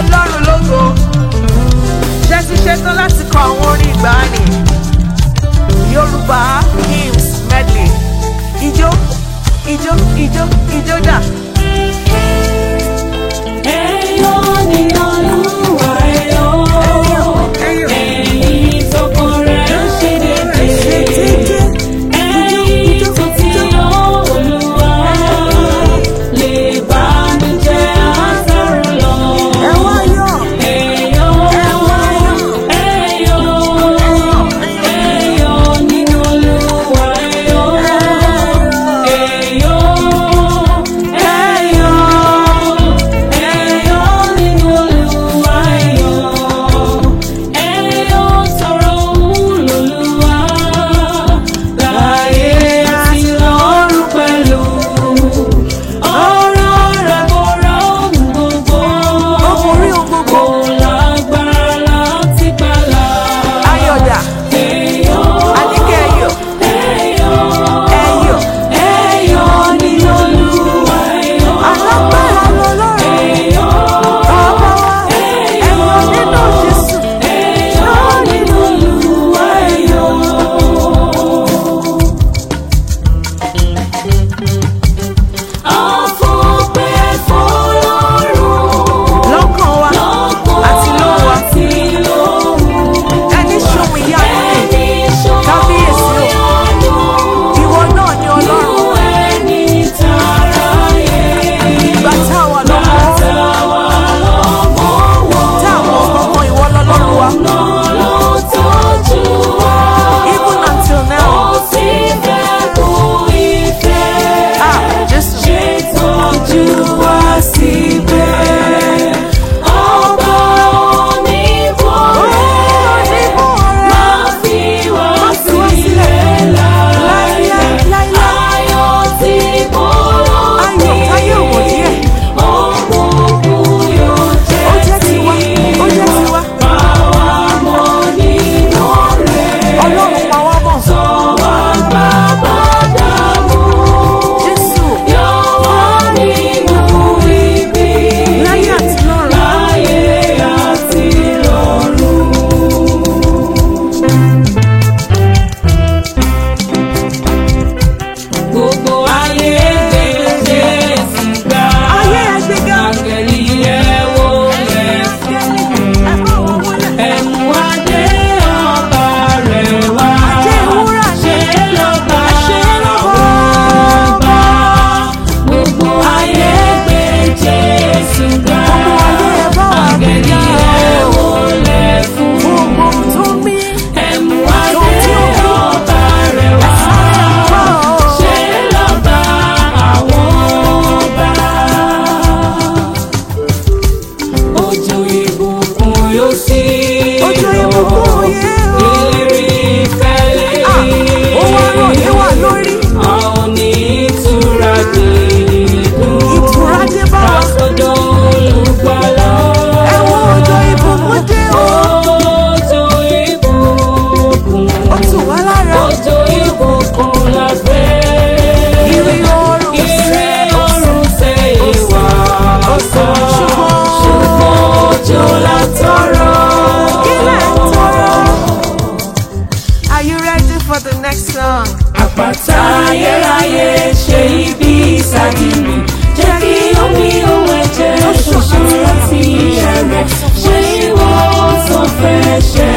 ọlọ́run lógo ṣe ti ṣetán láti kọ àwọn orin ìgbàanì yorùbá hymns medley ijó ijó ijó ijó dà. Yeah.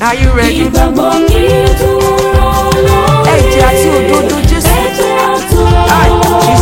Are you ready? Hey Jesus, do do just Ẹ̀jẹ̀